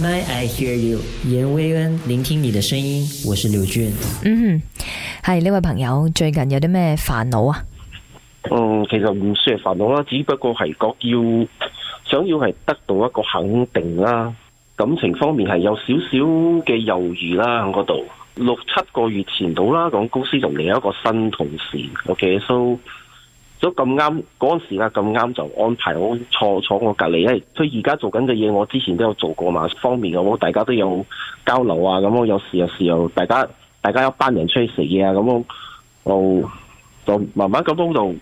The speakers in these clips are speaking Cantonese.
MY I hear you，顏威恩，聆聽你的聲音，我是劉俊。嗯哼，係呢位朋友最近有啲咩煩惱啊？嗯，其實唔算係煩惱啦，只不過係覺要想要係得到一個肯定啦。感情方面係有少少嘅猶豫啦喺嗰度。六七個月前到啦，講公司仲嚟一個新同事，O K，so。OK? So, 都咁啱嗰陣時咁、啊、啱就安排我坐坐我隔籬，因為佢而家做緊嘅嘢，我之前都有做過嘛，方面嘅我大家都有交流啊，咁、嗯、我有時有時又大家大家一班人出去食嘢啊，咁、嗯、我就就慢慢咁樣就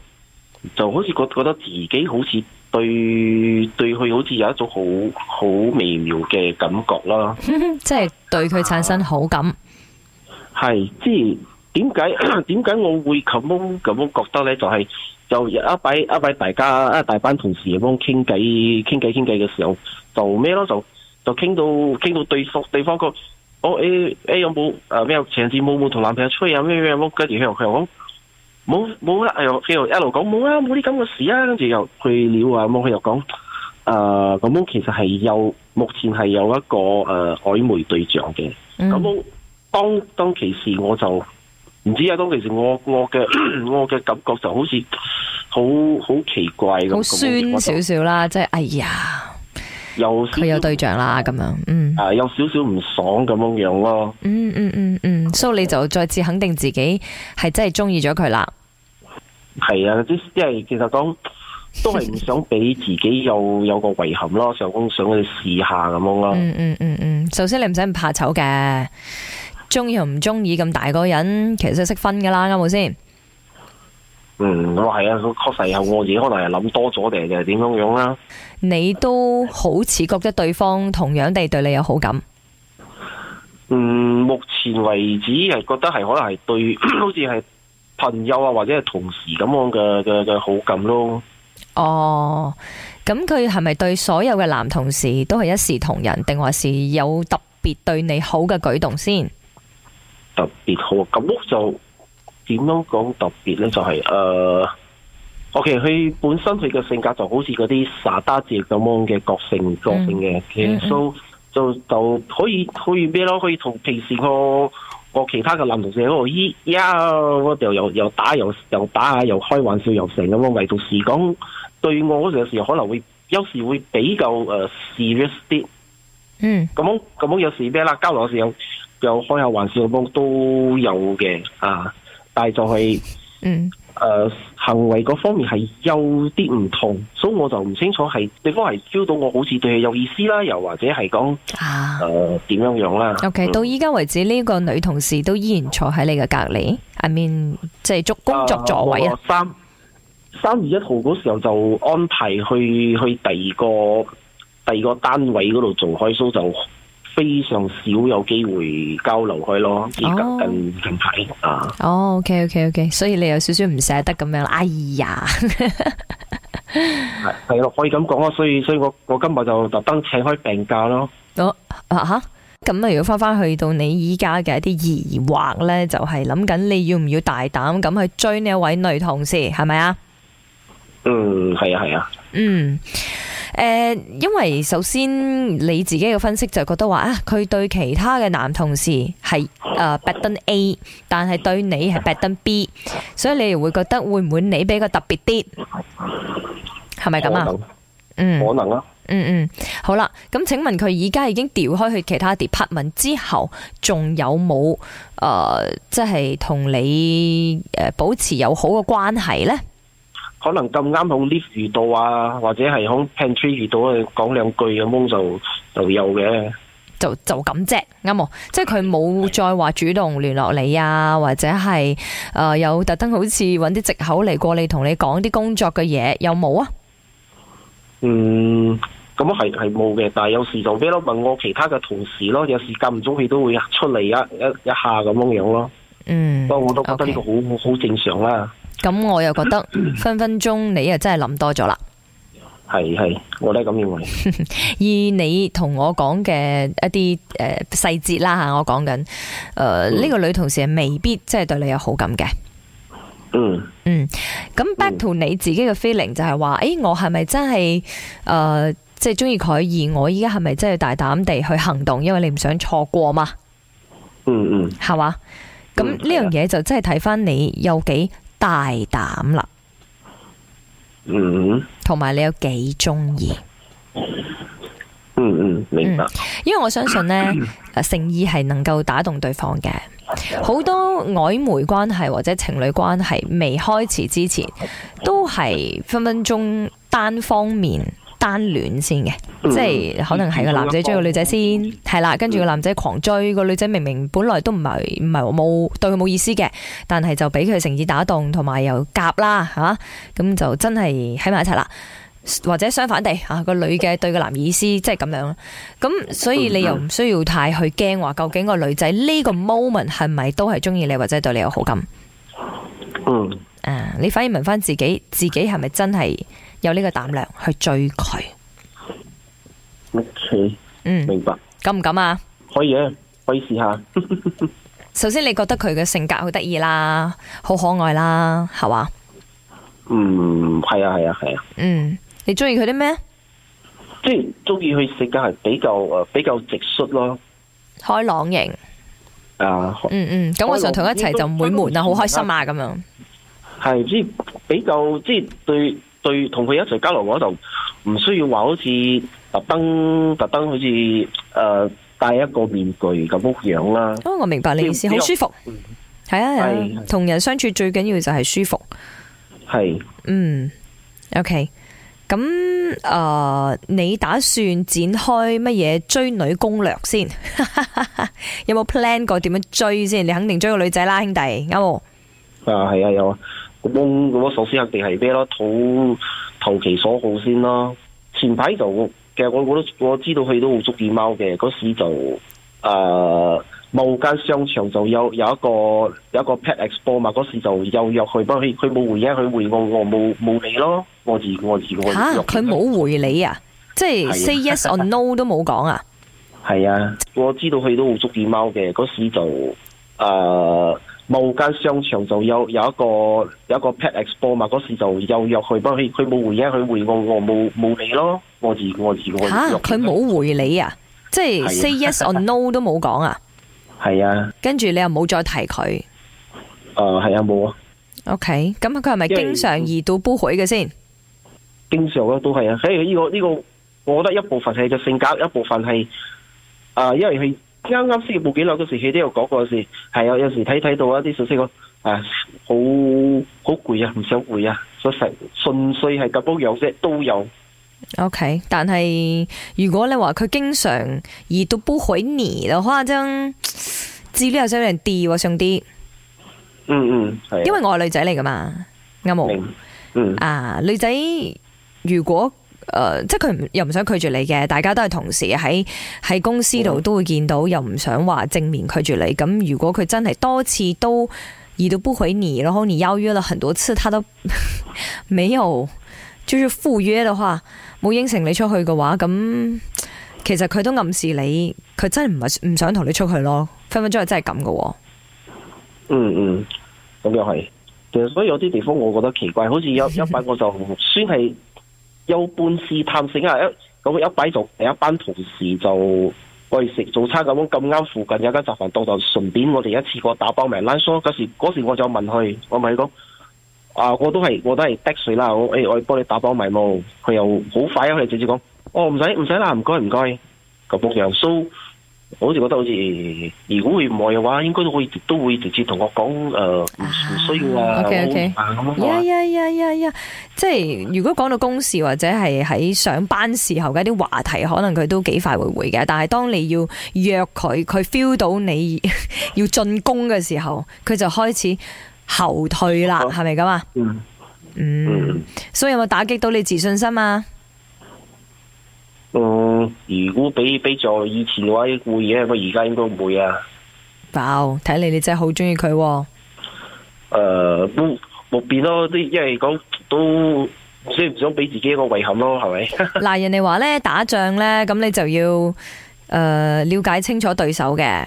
就好似覺覺得自己好似對對佢好似有一種好好微妙嘅感覺啦， 即係對佢產生好感，啊，係係。點解點解我會咁樣咁樣覺得咧？就係就一擺一擺大家一大班同事咁樣傾偈傾偈傾偈嘅時候，就咩咯？就就傾到傾到對方地方個我誒 A 有冇誒咩有上次冇？冇同男朋友出去啊？咩咩咁跟住佢又講冇冇啦，又跟住一路講冇啦，冇啲咁嘅事啊！跟住又去料啊咁，佢又講誒咁樣其實係有目前係有一個誒曖昧對象嘅。咁樣當當其時我就。唔知啊，當其時我的咳咳我嘅我嘅感覺就好似好好奇怪咁。好酸少少啦，即係哎呀，有佢有對象啦，咁、嗯嗯、樣子嗯，嗯，啊，有少少唔爽咁樣樣咯。嗯嗯嗯嗯，所以你就再次肯定自己係真係中意咗佢啦。係啊，即係其實講都係唔想俾自己有有個遺憾咯， 上公想去試下咁樣咯、嗯。嗯嗯嗯嗯，首先你唔使咁怕醜嘅。中意又唔中意，咁大個人，其實都識分噶啦，啱冇先？嗯，我係啊，我確實有我自己，可能係諗多咗定係點樣樣啦。你都好似覺得對方同樣地對你有好感？嗯，目前為止係覺得係可能係對，好似係朋友啊，或者係同事咁樣嘅嘅嘅好感咯。哦，咁佢係咪對所有嘅男同事都係一視同仁，定還是有特別對你好嘅舉動先？特別好，咁我就點樣講特別咧？就係、是、誒，我其實佢本身佢嘅性格就好似嗰啲撒打子咁樣嘅個性，個性嘅，其、hmm. 實、so, 就就，就可以可以咩咯？可以同平時我其他嘅男同事喺度依呀，就又又打又又打下，又開玩笑又成咁樣。唯獨、就是講對我嗰陣時，可能會有時候會比較誒 serious 啲。嗯、mm，咁、hmm. 咁有時咩啦？交流時候有開下玩笑都都有嘅啊，但係就係、是，嗯，誒、呃，行為嗰方面係有啲唔同，所以我就唔清楚係對方係招到我，好似對佢有意思啦，又或者係講，啊，誒、呃，點樣樣啦？OK，到依家為止呢、嗯、個女同事都依然坐喺你嘅隔籬，下面，即係作工作座位啊？三三月一號嗰時候就安排去去第二個第二個單位嗰度做開 show 就。非常少有機會交流開咯，哦、以及近近排啊。哦，OK，OK，OK，okay, okay, okay, 所以你有少少唔捨得咁樣，哎呀，係係咯，可以咁講咯。所以所以我，我我今日就特登請開病假咯。咁、哦、啊，啊那如果翻翻去到你依家嘅一啲疑惑呢，就係諗緊你要唔要大膽咁去追呢一位女同事，係咪、嗯、啊？啊嗯，係啊，係啊。嗯。誒，因為首先你自己嘅分析就覺得話啊，佢對其他嘅男同事係誒 baden A，但係對你係 baden B，所以你又會覺得會唔會你比較特別啲？係咪咁啊？嗯，可能啦能、啊嗯。嗯嗯，好啦，咁請問佢而家已經調開去其他 department 之後，仲有冇誒、呃、即係同你誒保持友好嘅關係呢？可能咁啱好 lift 遇到啊，或者係響 pantry 遇到啊，講兩句咁樣就就有嘅。就就咁啫，啱冇？即係佢冇再話主動聯絡你啊，或者係誒有特登好似搵啲藉口嚟過嚟同你講啲工作嘅嘢，有冇啊？嗯，咁係係係冇嘅，但係有時就俾我問我其他嘅同事咯，有時間唔中佢都會出嚟一一一下咁樣樣咯。嗯，不過我都覺得呢 okay. 個好好正常啦。咁我又覺得分分鐘你又真係諗多咗啦，係，係我都係咁認為。以你同我講嘅一啲誒細節啦吓，我講緊誒呢個女同事係未必即係對你有好感嘅。嗯嗯，嗯，咁 back to、嗯、你自己嘅 feeling 就係話，誒、哎、我係咪真係誒即係中意佢而我依家係咪真係大膽地去行動？因為你唔想錯過嘛。嗯嗯，係嘛？咁呢樣嘢就真係睇翻你有幾。大膽啦，嗯，同埋你有幾中意？嗯嗯，明白、嗯。因為我相信呢，嗯、誠意係能夠打動對方嘅。好多曖昧關係或者情侶關係未開始之前，都係分分鐘單方面。單戀先嘅，即係可能係個男仔追個女仔先，係啦，跟住個男仔狂追個女仔，明明本來都唔係唔係冇對佢冇意思嘅，但係就俾佢誠意打動，同埋又夾啦，吓、啊、咁就真係喺埋一齊啦。或者相反地，吓、啊、個女嘅對個男意思即係咁樣，咁所以你又唔需要太去驚話，究竟個女仔呢個 moment 係咪都係中意你，或者對你有好感？嗯，誒、 啊，你反而問翻自己，自己係咪真係？有呢個膽量去追佢。O K，嗯，明白。敢唔敢啊？可以啊，可以試下。首先你覺得佢嘅性格好得意啦，好可愛啦，係嘛？嗯，係啊，係啊，係啊。嗯，你中意佢啲咩？即係中意佢性格係比較誒，比較直率咯，開朗型。啊，嗯嗯，咁我上同佢一齊就唔會悶啊，好開心啊，咁樣。係，即比較即對。對，同佢一齊交流嗰度，唔需要話好似特登、特登，好似誒戴一個面具咁樣啦。哦，我明白你意思，好、就係、舒服，係、嗯、啊、同、啊啊、人相處最緊要就係舒服。係、啊。嗯，OK，咁誒、呃，你打算展開乜嘢追女攻略先？ 有冇 plan 過點樣追先？你肯定追個女仔啦，兄弟，啱冇？啊，係啊，有啊。咁咁我首先肯定係咩咯？討投其所好先咯。前排就其實我我都我知道佢都好中意貓嘅。嗰時就誒、呃，某間商場就有有一個有一個 Pet Expo 嘛。嗰時就又約去，不過佢佢冇回應，佢回我我冇冇理咯。我自我自我吓佢冇回你啊！啊 即係 say yes or no 都冇講啊。係啊，我知道佢都好中意貓嘅。嗰時就誒。呃某間商場就有有一個有一個 Pet Expo 嘛，嗰時就又約去。不過佢佢冇回應，佢回我我冇冇理咯，我自我自我自。哈」吓自，佢冇回你啊？啊即係 say yes or no 都冇講啊？係啊。跟住你又冇再提佢。誒、呃，係啊，冇啊。OK，咁佢係咪經常移到煲海嘅先？經常啊，都係啊，所以呢個呢個，我覺得一部分係佢性格，一部分係誒、呃，因為佢。啱啱先冇幾耐嗰時候，佢都有講過事。係啊，有時睇睇到一啲信息個，啊，好好攰啊，唔想攰啊，所實純粹係咁煲樣啫，都有。OK，但係如果你話佢經常而到煲海泥嘅話，真治呢又想人掉上啲。嗯嗯，係。因為我係女仔嚟噶嘛，啱冇。嗯啊，女仔如果。誒、呃，即係佢又唔想拒絕你嘅，大家都係同事喺喺公司度都會見到，又唔想話正面拒絕你。咁如果佢真係多次都亦都不回你，然後你邀約了很多次，他都沒有，就是赴約嘅話冇應承你出去嘅話，咁其實佢都暗示你佢真係唔係唔想同你出去咯。分分鐘係真係咁嘅。嗯嗯，咁又係，其實所以有啲地方我覺得奇怪，好似有有份我就算係。有半時探醒啊，咁一班同另一班同事就去食早餐咁，咁啱附近有間雜飯檔，就順便我哋一次過打包埋攤梳。嗰時嗰時我就問佢，我咪佢講：啊，我都係我都係 d 水啦，我誒、欸、我幫你打包埋冇？佢又好快啊，佢直接講：哦，唔使唔使啦，唔該唔該，咁木油酥。我好似覺得好似，如果會唔會嘅話，應該都會都會直接同我講誒，需要啊，OK，OK，咁樣講。呀呀呀呀呀！即係如果講到公事或者係喺上班時候嘅一啲話題，可能佢都幾快會回嘅。但係當你要約佢，佢 feel 到你 要進攻嘅時候，佢就開始後退啦，係咪咁啊？嗯嗯，嗯，所以有冇打擊到你自信心啊？嗯，如果比比在以前嘅話會嘅，我而家應該唔會啊。哇，睇嚟你真係好中意佢。誒、呃，都冇變咯，都因為講都先唔想俾自己一個遺憾咯，係咪？嗱， 人哋話咧打仗咧，咁你就要誒、呃、了解清楚對手嘅。嗱、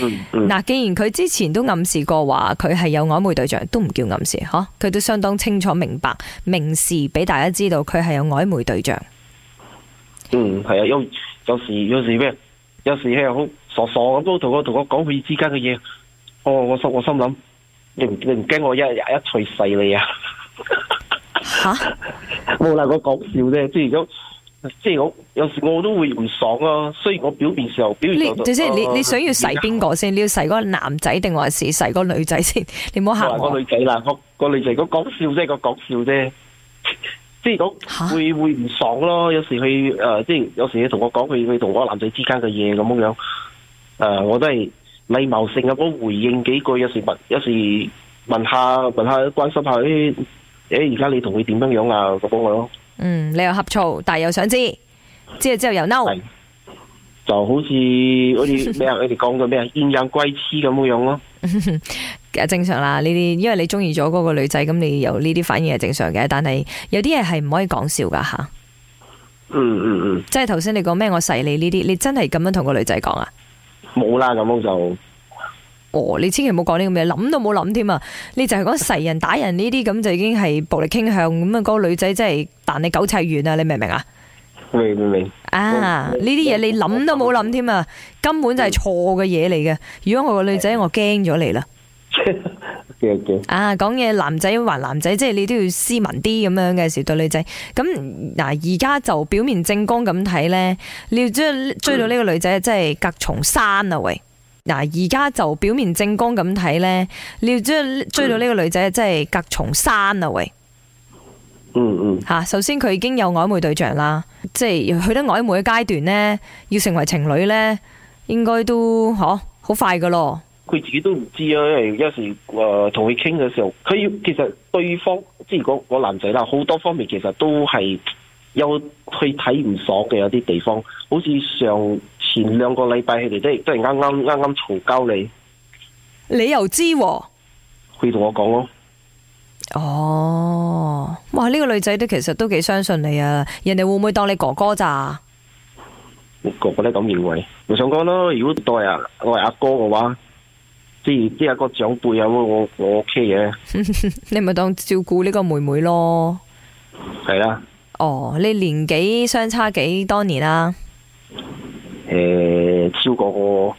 嗯，嗯、既然佢之前都暗示過話佢係有曖昧對象，都唔叫暗示，吓佢都相當清楚明白明示俾大家知道佢係有曖昧對象。嗯，係啊，有有時有時咩，有時係好傻傻咁，都同我同我講佢之間嘅嘢，哦，我心我心諗，你唔你唔驚我一日日一趣死你啊？吓，冇啦，我講笑啫，即係咁，即係我有時我都會唔爽咯。雖然我表面上表面上都，你即係你你想要洗邊個先？你要洗嗰個男仔定還是洗嗰個女仔先？你唔好吓我。女仔啦，我個女仔，我講笑啫，我講笑啫。即係講會會唔爽咯，有時佢，誒，即係有時你同我講佢佢同嗰個男仔之間嘅嘢咁樣樣，誒，我都係禮貌性咁回應幾句，有時問，有時問下問下關心下誒，而家你同佢點樣樣啊？咁樣咯。嗯，你又呷醋，但又想知，知之後又嬲、NO。就好似嗰啲咩啊，佢哋講到咩啊，陰陽怪痴咁嘅樣咯。正常啦，呢啲，因為你中意咗嗰個女仔，咁你有呢啲反應係正常嘅。但係有啲嘢係唔可以講笑噶吓、嗯。嗯嗯嗯。即係頭先你講咩我勢你呢啲，你真係咁樣同個女仔講啊？冇啦，咁樣就。哦，你千祈唔好講呢個咩，諗都冇諗添啊！你就係講勢人打人呢啲，咁就已經係暴力傾向咁啊！嗰個女仔真係彈你狗砌遠啊！你明唔明啊？明未啊！呢啲嘢你諗都冇諗添啊，根本就係錯嘅嘢嚟嘅。如果我個女仔，我驚咗你啦。 啊，講嘢男仔還男仔，即係你都要斯文啲咁樣嘅時對女仔。咁嗱，而家就表面證供咁睇呢，你要追追到呢個女仔，真係隔重山啊喂！嗱，而家就表面證供咁睇呢，你要追追到呢個女仔，真係隔重山啊喂！嗯嗯，吓，首先佢已經有曖昧對象啦，即係去得曖昧嘅階段咧，要成為情侶咧，應該都嗬好快噶咯。佢自己都唔知啊，因為有時誒同佢傾嘅時候，佢其實對方即係嗰嗰男仔啦，好多方面其實都係有去睇，唔爽嘅有啲地方，好似上前兩個禮拜佢哋都係都係啱啱啱啱嘈交你，你又知？佢同我講咯。哦，哇！呢、這個女仔都其實都幾相信你啊，人哋會唔會當你哥哥咋？我哥哥都咁認為，我想講咯，如果當阿我係阿哥嘅話，即係即係個長輩啊，我我 OK 嘅。 你咪當照顧呢個妹妹咯，係啦。哦，你年紀相差幾多，多年啊？誒、欸，超過個個。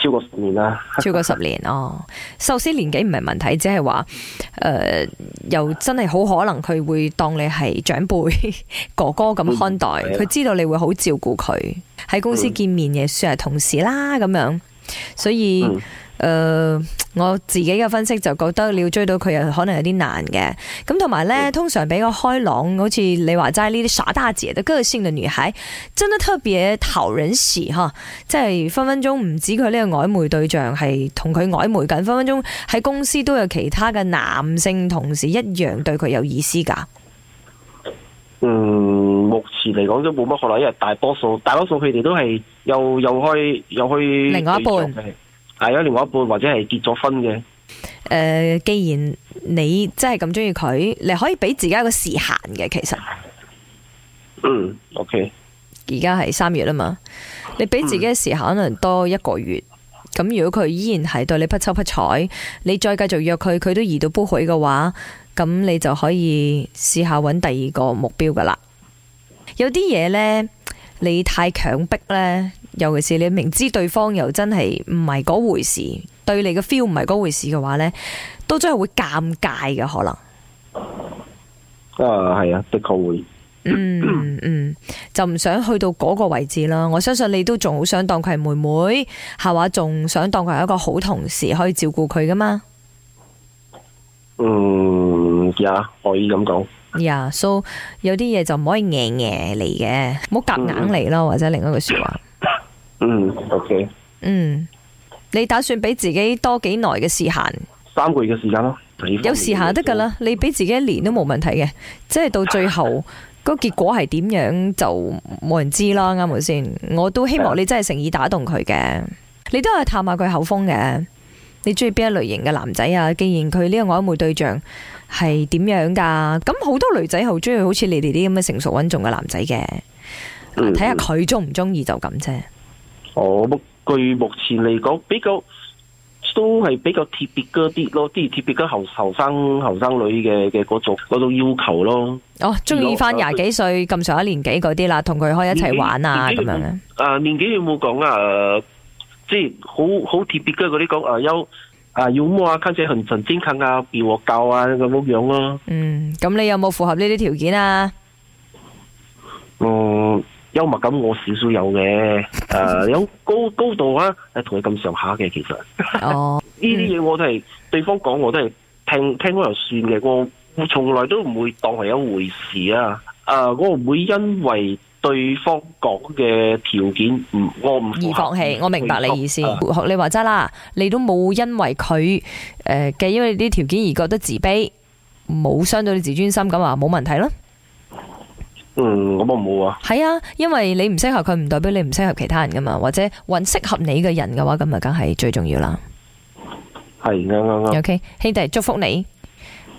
超過十年啦，超過十年 哦。壽司年紀唔係問題，只係話，誒、呃，又真係好可能佢會當你係長輩、哥哥咁看待，佢、嗯、知道你會好照顧佢。喺、嗯、公司見面嘅算係同事啦，咁樣，所以。嗯誒、呃，我自己嘅分析就覺得你要追到佢又可能有啲難嘅，咁同埋呢，通常比較開朗，好似你話齋呢啲耍大姐嘅個性嘅女孩，真得特別討人喜哈，即係分分鐘唔止佢呢個曖昧對象係同佢曖昧緊，分分鐘喺公司都有其他嘅男性同事一樣對佢有意思噶。嗯，目前嚟講都冇乜可能，因為大多數大多數佢哋都係又又去又去另外一半。係有另外一半或者係結咗婚嘅。誒、呃，既然你真係咁中意佢，你可以俾自己一個時限嘅。其實，嗯，OK。而家係三月啦嘛，你俾自己嘅時限可能多一個月。咁、嗯、如果佢依然係對你不瞅不睬，你再繼續約佢，佢都移到不許嘅話，咁你就可以試下搵第二個目標噶啦。有啲嘢呢。你太強迫呢，尤其是你明知對方又真係唔係嗰回事，對你嘅 feel 唔係嗰回事嘅話呢，都真係會尷尬嘅可能，啊。誒，係啊，的確會。 嗯嗯，就唔想去到嗰個位置啦。我相信你都仲好想當佢係妹妹，係話仲想當佢係一個好同事，可以照顧佢噶嘛？嗯，呀，可以咁講。呀，所以、yeah, so, 有啲嘢就唔可以叮叮硬硬嚟嘅，唔好夾硬嚟咯，或者另一句說話。嗯，OK。嗯，你打算俾自己多幾耐嘅時限？三個月嘅時間咯，啊，有時限得噶啦，嗯，你俾自己一年都冇問題嘅，即係到最後 個結果係點樣就冇人知啦，啱唔啱先？我都希望你真係誠意打動佢嘅的，你都係探下佢口風嘅，你中意邊一類型嘅男仔啊？既然佢呢個曖昧對象。係點樣噶？咁好多女仔好中意，好似你哋啲咁嘅成熟穩重嘅男仔嘅，睇下佢中唔中意就咁啫。哦、嗯，據目前嚟講，比較都係比較特別嗰啲咯，即係特別嘅後後生後生女嘅嘅嗰種嗰種要求咯。哦，中意翻廿幾歲咁上一年紀嗰啲啦，同佢可以一齊玩啊咁樣。啊，年紀有冇講啊？即係好好特別嘅嗰啲講啊啊要默啊，甚至甚至堅強啊，別我教啊，咁樣咯。嗯，咁你有冇符合呢啲條件啊？嗯，幽默感我少少有嘅，誒、 啊、有高高度啊，同你咁上下嘅其實。哦，呢啲嘢我都係、嗯、對方講我都係聽聽開就算嘅，我從來都唔會當係一回事啊。誒，我唔會因為。對方講嘅條件唔，我唔而放棄。國我明白你意思。Uh, 你話齋啦，你都冇因為佢誒嘅，因為你啲條件而覺得自卑，冇傷到你自尊心話，咁啊冇問題啦。嗯，咁啊冇啊。係啊，因為你唔適合佢，唔代表你唔適合其他人噶嘛。或者揾適合你嘅人嘅話，咁啊梗係最重要啦。係啱啱 OK，兄弟，祝福你。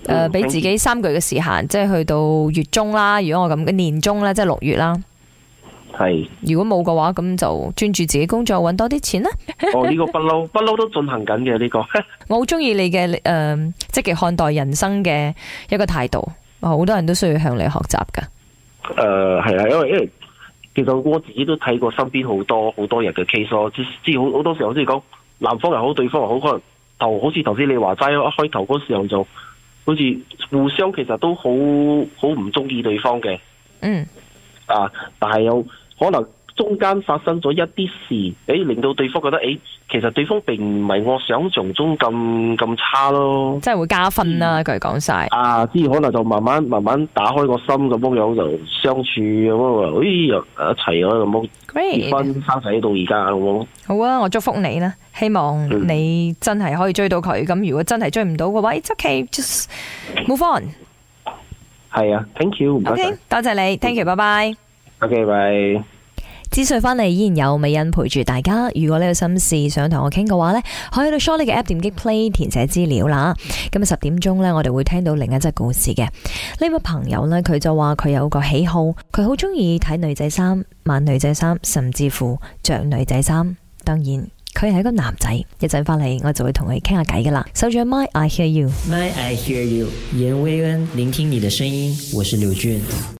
誒、嗯，俾、呃、自己三句嘅時限，即係去到月中啦。如果我咁嘅年中咧，即係六月啦。係，是如果冇嘅話，咁就專注自己工作，揾多啲錢啦。 哦，呢、這個不嬲，不嬲都進行緊嘅呢個。 我好中意你嘅誒積極看待人生嘅一個態度，好多人都需要向你學習噶誒、呃，係啊，因為因為其實我自己都睇過身邊好多好多人嘅 case，即係即好好多時候，即係講男方又好，對方又好，很可能頭好似頭先你話齋，一開頭嗰時候就，好似互相其實都好好唔中意對方嘅。嗯。啊，但係有。可能中間發生咗一啲事，誒，令到對方覺得，誒，其實對方並唔係我想象中咁咁差咯。即係會加分啦，佢講晒。啊，之後可能就慢慢慢慢打開個心咁樣，就相處咁啊，誒，又一齊咯，咁結婚生仔到而家咯。好啊，我祝福你啦，希望你真係可以追到佢。咁如果真係追唔到嘅話，誒，okay，just move on。係啊，thank you。O K，多謝你，thank you，拜拜。O K，拜。資訊翻嚟，依然有美欣陪住大家。如果你有心事想同我傾嘅話呢，可以到 shawl 你嘅 app 點擊 play 填寫資料啦。今日十點鐘呢我哋會聽到另一則故事嘅呢位朋友呢，佢就話佢有個喜好，佢好中意睇女仔衫、買女仔衫，甚至乎着女仔衫。當然佢係一個男仔，一陣返嚟我就會同佢傾下偈噶啦。首長 My I Hear You My I Hear You 嚴薇恩聆聽你的聲音，我是劉俊。